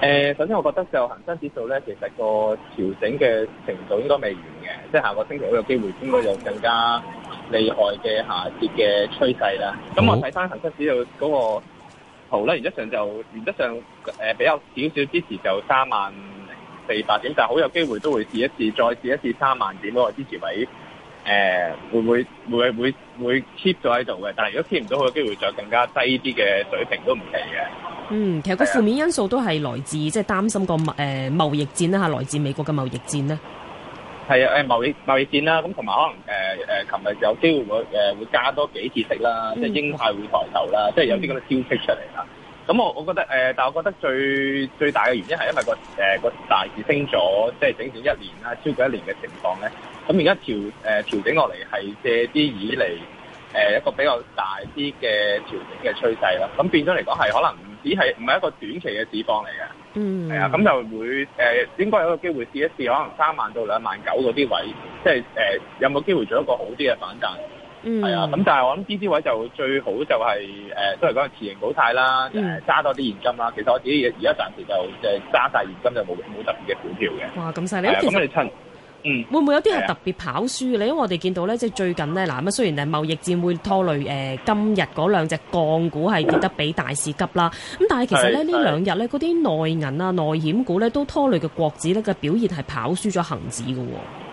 呃、首先我覺得就恒生指數咧，其實個調整嘅程度應該未完嘅，即係下個星期好有機會應該有更加厲害嘅下跌嘅趨勢啦。咁好我睇翻恒生指數嗰個圖咧，原則上就原則上、呃、比較少少支持就三萬四百點，但係好有機會都會試一試，再試一試三萬點嗰個支持位。誒、呃，會唔會會會會 keep 咗喺度嘅？但係如果 keep 唔到，佢有機會再更加低啲嘅水平都唔奇嘅。嗯，其實個負面因素都係來自，即係擔心個誒貿易戰啦吓、啊，來自美國嘅貿易戰啦係啊，誒貿易貿易戰啦、啊，咁同埋可能誒誒，琴、呃呃、日有機會會誒會、呃、加多幾次息啦，即係、嗯、英泰會抬頭啦，嗯、即係有啲咁嘅消息出嚟啦咁我我覺得，呃、但係我覺得最最大嘅原因係因為個、呃、個大市升咗，即、就、係、是、整整一年啦，超過一年嘅情況咧，咁而家調整落嚟係借啲以嚟、呃，一個比較大啲嘅調整嘅趨勢啦。咁變咗嚟講係可能唔止係唔係一個短期嘅市況嚟嘅，嗯，mm. 係啊，咁就會誒、呃、應該有個機會試一試，可能三萬到兩萬九嗰啲位，即、就、係、是呃、有冇機會做一個好啲嘅反彈。嗯，係啊，咁但係我諗呢啲位就最好就係、是、誒、呃，都係講係持盈保泰啦，揸、呃、多啲現金啦。其實我自己而家暫時就揸晒現金就，就冇冇特別嘅股票嘅。哇，咁犀利！咁你、啊、嗯，會唔會有啲係特別跑輸嘅咧？因為我哋見到咧，即係最近呢，嗱，雖然係貿易戰會拖累誒、呃、今日嗰兩隻鋼股係跌得比大市急啦，咁 但係其實咧呢兩日呢，嗰啲內銀啊、內險股咧都拖累嘅國指咧嘅表現係跑輸咗恒指嘅、哦。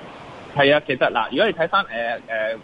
係啊，其實嗱，如果你睇翻誒誒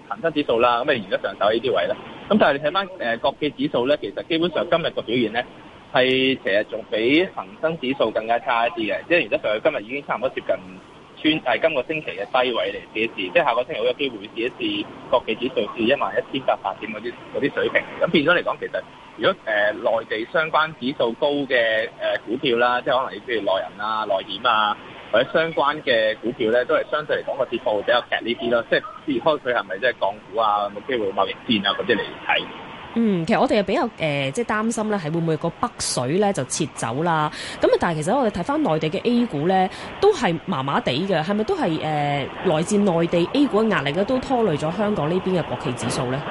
恆生指數啦，咁係而家上手呢啲位啦。咁但係你睇翻誒國際指數咧，其實基本上今日個表現咧係其實仲比恆生指數更加差一啲嘅，即係而家今日已經差唔多接近穿係今個星期嘅低位嚟試一試，即係下個星期好有機會試一試國際指數至一萬一千八百點嗰啲嗰啲水平。咁變咗嚟講，其實如果誒內地相關指數高嘅誒股票啦，即係可能你譬如內人啊、內險啊。或者相關嘅股票咧，都係相對嚟講個跌幅比較劇呢啲咯，即係撇開佢係咪即係港股啊，冇機會貿易戰啊嗰啲嚟睇。嗯，其實我哋又比較誒、呃，即係擔心咧，係會唔會個北水咧就撤走啦？咁啊，但係其實我哋睇翻內地嘅 A 股咧，都係麻麻地嘅，係咪都係誒、呃、來自內地 A 股嘅壓力咧，都拖累咗香港呢邊嘅國企指數咧？誒、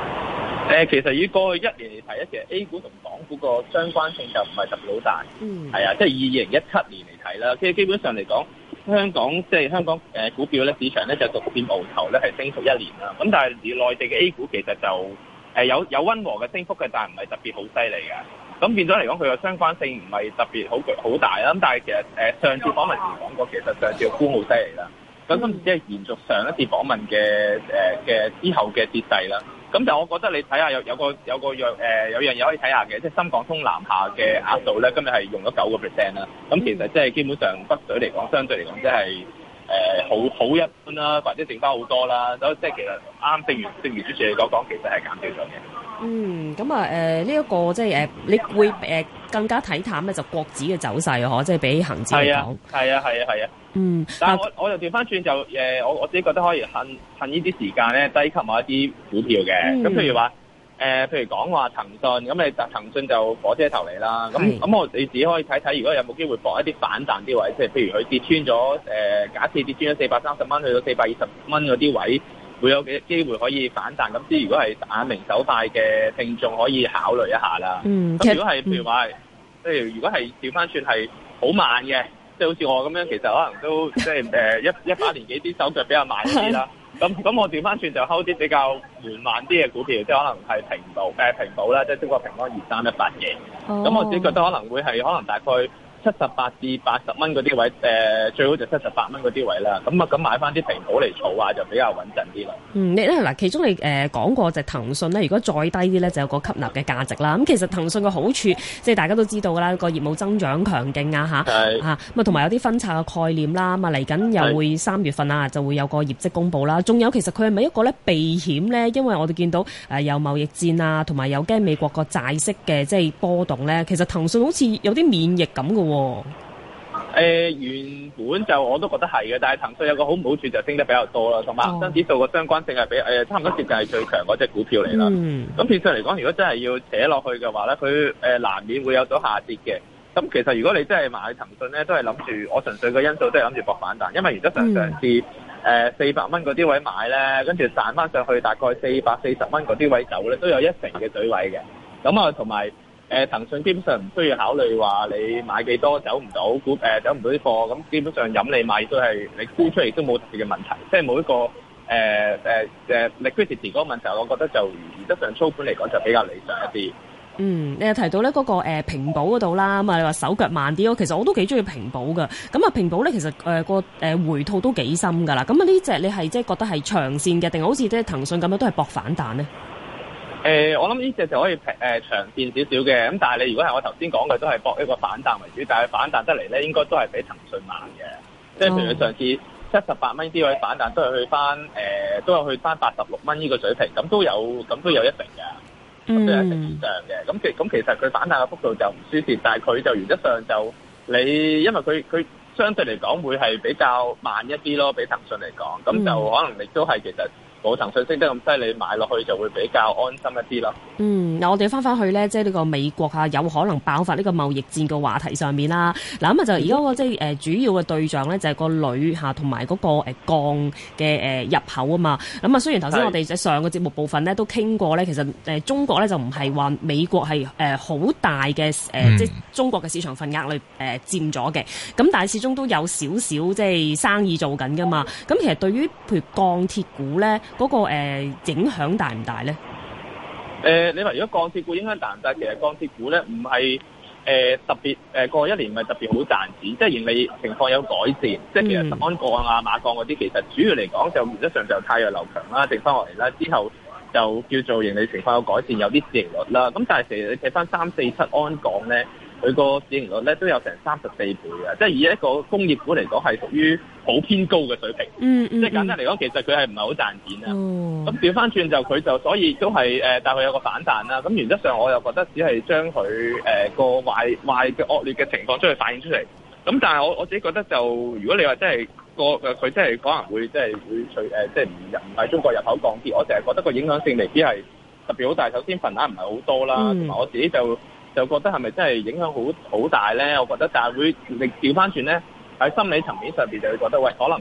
呃，其實以過去一年嚟睇咧，其實 A 股同港股個相關性就唔係特別好大。嗯。係啊，即係二零一七年嚟睇啦，其實基本上嚟講。香港即係香港誒股票咧，市場咧就逐漸無頭咧，係升幅一年啦。咁但係而內地嘅 A 股其實就誒有有溫和嘅升幅嘅，但係唔係特別好犀利嘅。咁變咗嚟講，佢嘅相關性唔係特別好好大啦。咁但係其實誒上次訪問時講過，其實上次個高好犀利啦。咁今次即係延續上一次訪問嘅誒嘅之後嘅跌勢啦。咁就我覺得你睇下有有個有個、呃、有樣嘢可以睇下嘅，即係深港通南下嘅額度咧，今日係用咗九個 percent 啦。咁其實即係基本上北水嚟講，相對嚟講即係誒好好一般啦，或者剩翻好多啦。咁即係其實啱正如正如主持你所講，其實係減少咗嘅。嗯，咁啊呢一個即係、呃、你會、呃、更加睇淡咧，就國指嘅走勢啊，嗬，即係比恆指嚟講。係啊！係啊！係啊！嗯，但係我我又調翻轉就誒，我就就、呃、我自己覺得可以趁趁呢啲時間咧，低吸埋一啲股票嘅。咁、嗯、譬如話誒、呃，譬如講話騰訊，咁你就騰訊就火車頭嚟啦。咁咁的、嗯、我哋自己可以睇睇，如果有冇機會搏一啲反彈啲位，即、就、係、是、譬如佢跌穿咗誒、呃，假設跌穿咗四百三十蚊去到四百二十蚊嗰啲位，會有幾機會可以反彈。咁即係如果係眼明手快嘅聽眾可以考慮一下啦。咁如果係譬如話、嗯，譬如如果係調翻轉係好慢嘅。即係好似我咁樣，其實可能都即係誒、一一把年紀啲手腳比較慢啲啦。咁咁 我調翻轉就 hold 啲比較緩慢啲嘅股票，即係可能係平保誒、平保啦，即係中國平安二三一八嘅。咁我自己覺得可能會係可能大概，七十八至八十蚊嗰啲位，誒、呃、最好就七十八蚊嗰啲位啦。咁啊，咁買翻啲平股嚟儲啊，就比較穩陣啲啦。嗯，嗱，其中你誒、呃、講過就騰訊咧，如果再低啲咧，就有個吸納嘅價值啦。咁其實騰訊嘅好處，即係大家都知道㗎啦，個業務增長強勁啊吓，嚇是，咁啊同埋有啲分拆嘅概念啦，咁啊嚟緊又會三月份啊就會有個業績公布啦。仲有其實佢係咪一個咧避險咧？因為我哋見到誒有貿易戰啊，同埋有驚美國個債息嘅即係波動咧。其實騰訊好似有啲免疫咁嘅。誒、哦嗯呃，原本就我都覺得係嘅，但係騰訊有個好唔好處就升得比較多啦，同埋恒生指數個相關性係比誒、呃、差唔多接近係最強嗰隻股票嚟啦。咁變相嚟講，如果真係要扯落去嘅話咧，佢誒、呃、難免會有咗下跌嘅。咁、嗯、其實如果你真係買騰訊咧，都係諗住我純粹嘅因素都係諗住博反彈，因為如果常常至誒四百蚊嗰啲位買咧，跟住賺翻上去大概四百四十蚊嗰啲位走咧，都有一成嘅水位嘅。咁、嗯、啊，同埋。誒騰訊基本上唔需要考慮話你買幾多走唔到股，誒走唔到啲貨，咁基本上飲你買都係你沽出嚟都冇特別嘅問題，即係冇一個誒誒誒 liquidity 嗰個問題，我覺得就而得上操盤嚟講就比較理想一啲。嗯，你又提到咧嗰個誒平保嗰度啦，咁啊你話手腳慢啲咯，其實我都幾中意平保㗎。咁啊平保咧其實誒個誒回吐都幾深㗎啦。咁啊呢隻你係即係覺得係長線嘅，定係好似即係騰訊咁樣都係搏反彈咧？誒、呃，我諗呢隻就可以平誒、呃、長線少少嘅，咁但係你如果係我頭先講嘅，都係搏一個反彈為主，但係反彈得嚟咧，應該都係比騰訊慢嘅，嗯、即係譬如上次七十八蚊呢位反彈，都係去翻誒，都有去翻八十六蚊呢個水平，咁都有，咁都有一成嘅，咁係一成以上嘅。咁其咁其實佢反彈嘅幅度就唔輸蝕，但係佢就原則上就你，因為佢佢相對嚟講會係比較慢一啲咯，比騰訊嚟講，咁就可能你都係其實。某層次升得咁犀利，你買落去就會比較安心一啲咯。嗯，嗱，我哋翻返去咧，即係呢個美國嚇有可能爆發呢個貿易戰嘅話題上面啦。嗱，咁啊就而家個即係誒主要嘅對象咧，就係個鋁嚇同埋嗰個誒鋼嘅誒入口啊嘛。咁啊，雖然頭先我哋上個節目部分咧都傾過咧，其實誒中國咧就唔係話美國係誒好大嘅誒，即係中國嘅市場份額嚟誒佔咗嘅。咁但係始終都有少少即係生意做緊噶嘛。咁其實對於譬如鋼鐵股咧，嗰、那個、呃、影響大唔大咧？誒、呃，你話如果鋼鐵股影響大唔大？其實鋼鐵股咧唔係誒特別誒過、呃、一年唔係特別好賺錢，即係盈利情況有改善。嗯、即係其實安鋼啊、馬鋼嗰啲，其實主要嚟講就原則上就太陽流強啦，定翻落嚟啦之後就叫做盈利情況有改善，有啲市盈率啦。咁但係其實你睇翻三四七安鋼咧。佢個市盈率咧都有成三十四倍嘅，即係以一個工業股嚟講，係屬於好偏高嘅水平。嗯，嗯。即係簡單嚟講，其實佢係唔係好賺錢啊？咁調翻轉就佢就所以都係誒，但佢有個反彈啦。咁原則上，我又覺得只係將佢、呃、個壞壞嘅惡劣嘅情況出去反映出嚟。咁但係我我自己覺得就，如果你話真係個佢真係可能會即係會隨即係唔唔係中國入口降啲，我就係覺得個影響性未必係特別好大。首先份額唔係好多啦，同埋、嗯、我自己就。就覺得係咪真係影響好好大咧？我覺得，但係會你調翻轉咧，喺心理層面上面就會覺得，喂，可能誒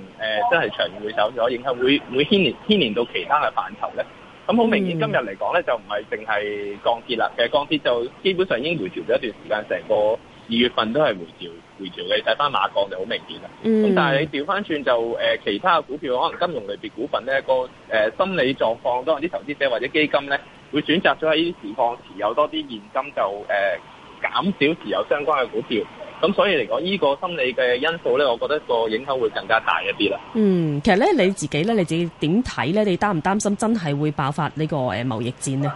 真係長遠會有咗影響，會會牽連牽連到其他嘅範疇咧。咁好明顯，今日嚟講咧就唔係淨係鋼鐵啦，其實鋼鐵就基本上已經回調咗一段時間，成個二月份都係回調回調嘅，睇翻馬鋼就好明顯啦。咁但係你調翻轉就誒其他嘅股票，可能金融類別股份咧個誒心理狀況，當日啲投資者或者基金咧。會選擇咗喺呢啲時況持有多啲現金就，就誒減少持有相關嘅股票。咁所以嚟講，呢個心理嘅因素咧，我覺得個影響會更加大一啲啦。嗯，其實咧你自己咧你自己點睇咧？你擔唔擔心真係會爆發呢個誒貿易戰呢？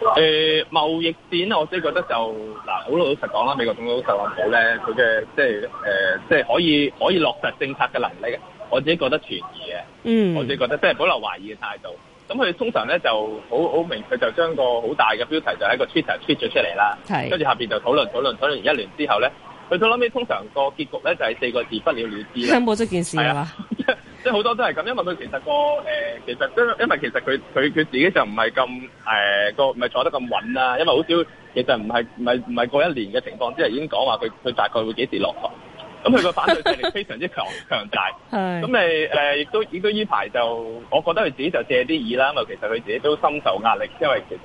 誒、呃，貿易戰呢我自己覺得就嗱，好老實講啦，美國總統特朗普咧佢嘅即係誒，即係可以可以落實政策嘅能力，我自己覺得存疑嘅。嗯，我自己覺得即係保留懷疑嘅態度。咁佢通常咧就好好明，佢就將個好大嘅標題就喺個 Twitter tweet 咗出嚟啦。係是，跟住下面就討論討論討論，討論一年之後咧，佢到尾通常個結局咧就係、是、四個字不了了之啦。聽過件事啦？即即好多都係咁，因為佢其實個、呃、其實因因為其實佢佢佢自己就唔係咁誒個唔係坐得咁穩啦、啊。因為好少，其實唔係唔係唔係過一年嘅情況之下已經講話佢佢大概會幾時落台。咁佢個反對勢力非常之強 大，咁是你誒亦、呃、都已都依排就，我覺得佢自己就借啲意啦，咁其實佢自己都深受壓力，因為其實誒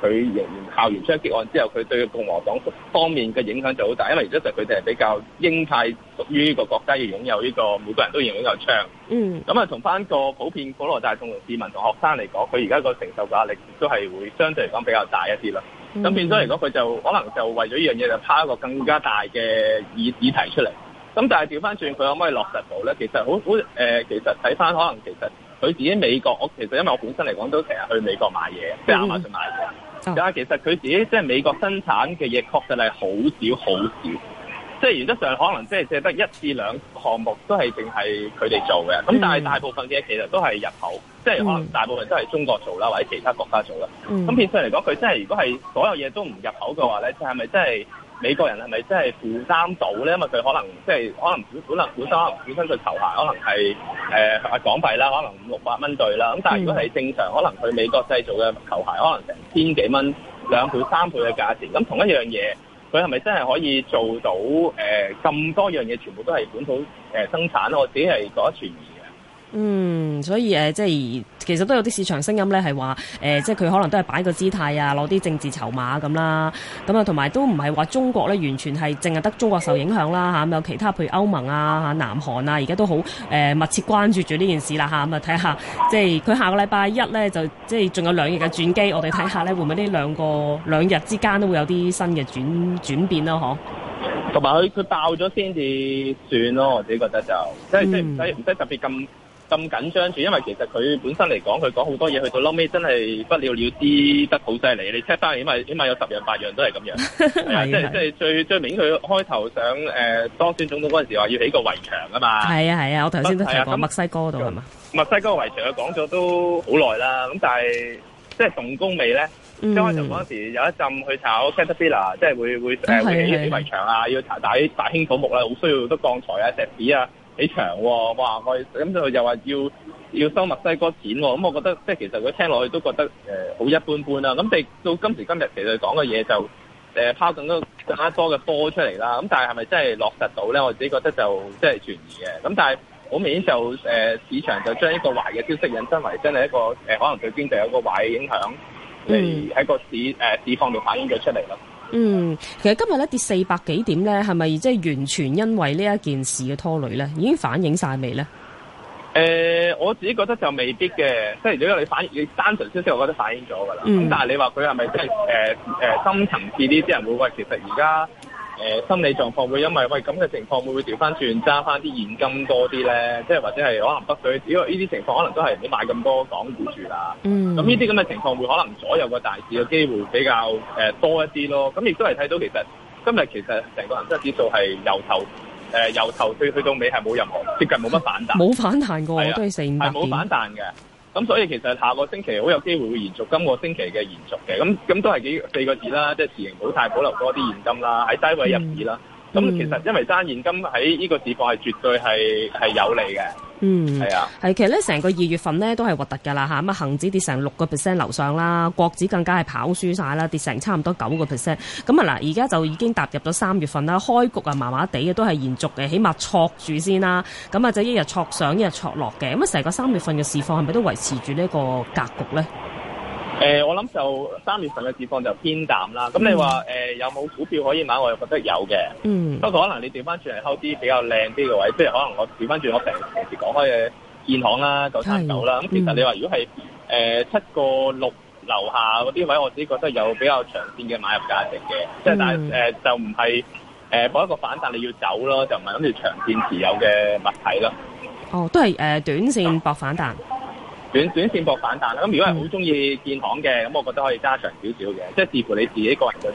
佢、呃、仍然校園槍擊案之後，佢對共和黨方面嘅影響就好大，因為而家就佢哋係比較鷹派，屬於呢個國家要擁有呢、這個每個人都擁有槍。 嗯，咁啊，同翻個普遍普羅大眾同市民同學生嚟講，佢而家個承受嘅壓力都係會相對嚟講比較大一啲啦。咁變咗嚟講，佢就可能就為咗呢樣嘢，就拋一個更加大嘅議議題出嚟。咁但係調翻轉，佢可唔可以落實到咧？其實好好、呃、其實睇翻可能其實佢自己美國，我其實因為我本身嚟講都成日去美國買嘢，即係亞馬遜買嘢。但係、嗯、其實佢自己即係美國生產嘅嘢，確實係好少好少。即係原則上可能即係淨係得一至兩項目都係淨係佢哋做嘅，咁但係大部分嘢其實都係入口，即係、嗯、可能大部分都係中國做啦，或者其他國家做啦。咁、嗯、變相嚟講，佢真係如果係所有嘢都唔入口嘅話咧，即係咪真係美國人係咪真係負擔到咧？因為佢可能即、就、係、是、可能本本本身可本身嘅球鞋可能係、呃、港幣啦，可能五六百蚊對啦。咁但係如果係正常，嗯、可能佢美國製造嘅球鞋可能成千幾蚊兩倍三倍嘅價錢，咁同一樣嘢。佢係咪真係可以做到誒咁、呃、多樣嘢，全部都係本土誒、呃、生產咯，我自己係覺得存疑嘅。嗯，所以誒，即、呃、係。就是其實都有啲市場聲音咧，係話、呃、即係佢可能都係擺個姿態啊，攞啲政治籌碼咁啦，咁啊，同埋都唔係話中國咧，完全係淨係得中國受影響啦嚇，咁有其他譬如歐盟啊、南韓啊，而家、啊、都好、呃、密切關注住呢件事啦嚇，咁啊睇、嗯、下即係佢下個禮拜一咧，就即係仲有兩日嘅轉機，我哋睇下咧，會唔會呢兩個兩日之間都會有啲新嘅轉轉變啦？嗬、啊，同埋佢佢爆咗先至算咯，我自己覺得就即係即係唔使唔使特別咁。嗯咁緊張住，因為其實佢本身嚟講，佢講好多嘢，去到後屘真係不了了之得好犀利。你 check 翻，起碼起碼有十樣八樣都係咁樣，係即係即係最最明顯。佢開頭想誒當選總統嗰陣時話要起個圍牆啊嘛，係啊係啊，我頭先都提過。墨西哥度係嘛？墨西哥圍牆佢講咗都好耐啦，咁但係即係動工未咧。一開頭嗰陣時有一陣去炒 Caterpillar，即係會會誒會起啲圍牆啊，要拆大啲大興土木啦，好需要好多鋼材啊、石屎啊。幾長喎，哇！我咁佢又話要要收墨西哥錢喎，咁我覺得即係其實佢聽落去都覺得好、呃、一般般啦。咁你到今時今日其實講嘅嘢就誒、呃、拋緊個更多嘅波出嚟啦。咁但係係咪真係落實到咧？我自己覺得就即係存疑嘅。咁但係好明顯就、呃、市場就將一個壞嘅消息引申為真係一個、呃、可能對經濟有個壞嘅影響，嚟喺個市誒、嗯市，呃、市況度反映咗出嚟啦。嗯，其實今日咧跌四百幾點咧，係咪即係完全因為呢一件事嘅拖累咧？已經反映晒未咧？誒、呃，我自己覺得就未必嘅，即係如果你反映，你單純消息，我覺得反映咗噶啦。咁、嗯、但係你話佢係咪即係誒誒深層次啲啲人會話，其實而家。誒、呃、心理狀況會因為喂咁嘅情況會唔會調翻轉揸翻啲現金多啲咧，即係或者係可能北水，因為呢啲情況可能都係唔好買咁多港股住啦。嗯，咁呢啲咁嘅情況會可能左右個大市嘅機會比較、呃、多一啲咯。咁亦都係睇到其實今日其實成個恒生指數係由頭誒、呃、由頭去去到尾係冇任何接近冇乜反彈，冇反彈過，的我都係四五百點冇反彈嘅。咁所以其實下個星期好有機會會延續今、今個星期嘅延續嘅，咁咁都係幾四個字啦，即係持盈保泰，保留多啲現金啦，喺低位入市啦。嗯。咁、嗯嗯、其實因為揸現金喺呢個市況係絕對係有利嘅，嗯，係啊，係其實咧，成個二月份咧都係核突㗎啦嚇。咁啊，恒指跌成六個 percent 樓上啦，國指更加係跑輸曬啦，跌成差唔多九個 percent。咁啊嗱，而家就已經踏入咗三月份啦，開局啊麻麻地嘅，都係延續嘅，起碼挫住先啦。咁啊，就一日挫上，一日挫落嘅。咁啊，成個三月份嘅市況係咪都維持住呢個格局咧？誒、呃，我諗就三月份嘅市況就偏淡啦。咁你話、呃、有冇股票可以買，我又覺得有嘅。嗯，不過可能你調翻轉嚟 hold 啲比較靚啲嘅位，即係可能我調翻轉我平時講開嘅建行啦、九三九啦。咁是、嗯、其實你話如果係七個六樓下嗰啲位，我自己覺得有比較長線嘅買入價值嘅，即係、嗯、但係、呃、就唔係誒博一個反彈你要走咯，就唔係諗住長線持有嘅物體咯。哦，都係、呃、短線博反彈。短短線搏反彈啦，咁如果係好中意建行嘅，咁我覺得可以揸長少少嘅，即係視乎你自己個人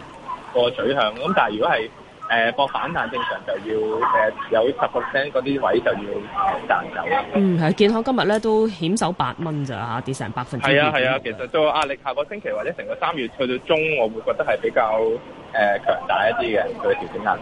個取向。咁但係如果係誒搏反彈，正常就要誒、呃、有十個 percent 嗰啲位就要賺走。嗯，係，建行今日咧都險守八蚊咋吓，跌成百分之一。係啊係啊，啊其實都壓力下個星期或者成個三月去到中，我會覺得係比較誒強、呃、大一啲嘅佢調整壓力。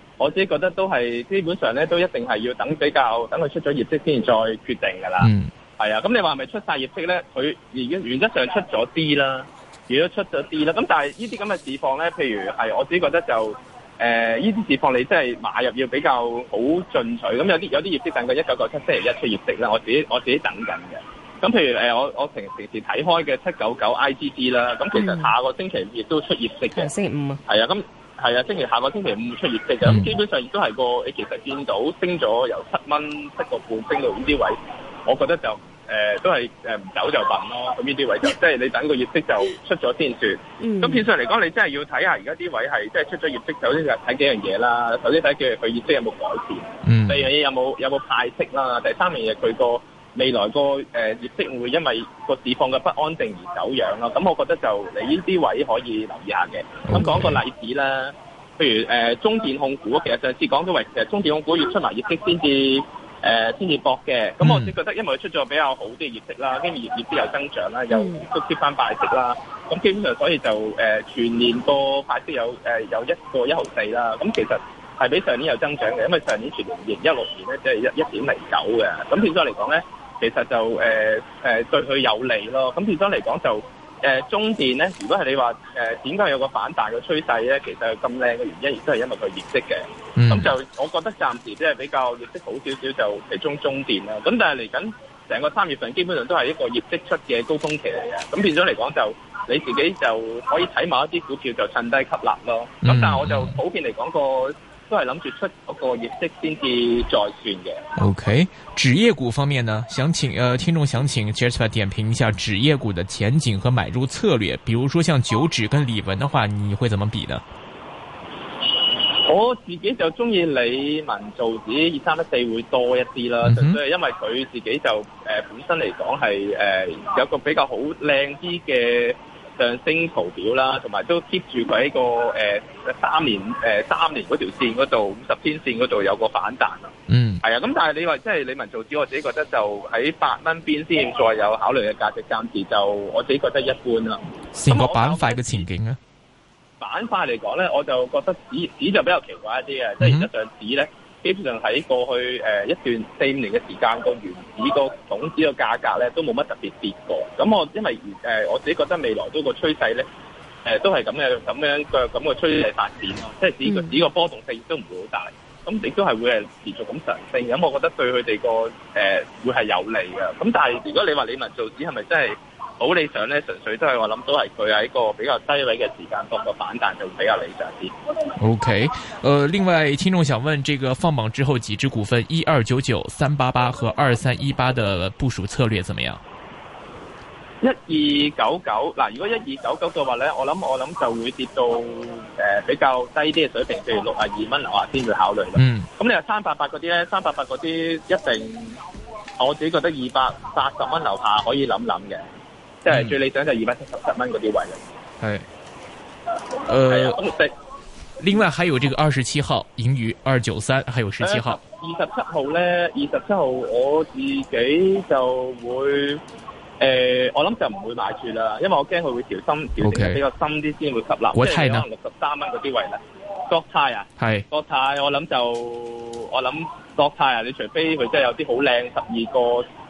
我自己覺得都係基本上咧，都一定係要等比較，等佢出咗業績先再決定噶、嗯嗯、啦，啦。嗯，係啊，咁你話係咪出晒業績咧？佢已經原則上出咗啲啦，如果出咗啲啦。咁但係呢啲咁嘅市況咧，譬如係我自己覺得就誒，呢、呃、啲市況你真係買入要比較好進取。咁、嗯、有啲有啲業績等佢一九九七星期一出業績啦。我自己我自己等緊嘅。咁譬如誒，我、呃、我平時時睇開嘅七九九 IGG 啦。咁其實下個星期五亦都出業績嘅、嗯、星期五啊。係啊，咁、嗯。係啊，星期下個星期五出業績咁。嗯、基本上亦都係個，你其實見到升咗由七蚊七個半升到呢啲位，我覺得就誒、呃、都係唔走就笨咯。咁呢啲位就即係你等個業績就出咗先算。咁變相嚟講，你真係要睇下而家啲位係即係出咗業績，首先就睇幾樣嘢啦。首先睇佢業績有冇改善，嗯、第二樣嘢有冇有冇派息啦，第三樣嘢佢，個。未來個誒業績會因為個市況嘅不安定而走樣咯，咁我覺得就你呢啲位可以留意下嘅。咁講個例子啦，譬如誒中電控股，其實上次講咗為，中電控股要出埋業績先至誒先至搏嘅。咁我只覺得因為佢出咗比較好啲業績啦，跟住業業績又增長啦，又都跌翻敗息啦，咁基本上所以就誒全年個派息有有一個一毫四啦。咁其實係比上年有增長嘅，因為上年全年二零一六年咧即係一一點零九嘅。咁變咗嚟講咧。其實就誒誒對佢有利咯，咁變相嚟講就誒中電咧，如果係你話誒點解有個反彈嘅趨勢咧，其實係咁靚嘅原因，亦都係因為佢業績嘅。咁就我覺得暫時即係比較業績好少少就其中中電啦。咁但係嚟緊成個三月份基本上都係一個業績出嘅高峯期嚟嘅。咁變相嚟講就你自己就可以睇埋一啲股票就趁低吸納咯。咁但係我就普遍嚟講個。都係諗住出一個業績先至再算嘅。OK，紙業股方面呢？想請呃聽眾想請 Jasper 點評一下紙業股的前景和買入策略。比如說，像九指跟李文的話，你會怎麼比呢？我自己就中意李文造紙二三一四會多一啲啦，嗯、哼因為佢自己就誒、呃、本身嚟講係誒有一個比較好靚啲嘅。上升圖表啦，同埋都 keep 住佢喺個誒、呃、三年誒、呃、三年嗰條線嗰度，五十天線嗰度有個反彈啊。嗯，係啊。咁但係你話即係理文造紙，我自己覺得就喺八蚊邊先再有考慮嘅價值，暫時就我自己覺得一般啦。成個板塊嘅前景呢，板塊嚟講咧，我就覺得市就比較奇怪一啲啊。即係而家上市咧。基本上喺過去誒、呃、一段四五年嘅時間，個原子、個種子、個價格咧都冇乜特別跌過。咁我因為誒、呃、我自己覺得未來都個趨勢咧誒、呃、都係咁嘅咁樣嘅咁個趨勢發展咯，即係指個波動性亦都唔會好大。咁亦都係會係持續咁上升。咁我覺得對佢哋個誒會係有利嘅。咁但係如果你話理文造紙係咪真係好理想咧，純粹都係我諗，都係佢喺個比較低位嘅時間段個反彈，就會比較理想啲。O K，誒，另外聽眾想問，這個放榜之後幾支股份，一二九九、三八八和二三一八的部署策略怎麼樣？一二九九嗱，如果一二九九嘅話咧，我諗我諗就會跌到誒、呃、比較低啲嘅水平，譬如六啊二蚊樓下先會考慮咯。嗯，咁你話三八八嗰啲咧，三八八嗰啲一定，我自己覺得二百八十蚊樓下可以諗諗嘅。即係最理想就二百七十七蚊嗰啲位置。係、嗯，誒，呃、另外還有這個二十七號盈餘二九三，嗯、3，還有十七號。二十七號咧，二十七號我自己就會，誒、呃，我諗就唔會買住啦，因為我驚佢會調深，調整得比較深啲先會吸納。國泰啊？六十三蚊嗰啲位啦。國泰啊？係。國泰我諗就，我諗國泰啊，你除非佢真係有啲好靚，十二個。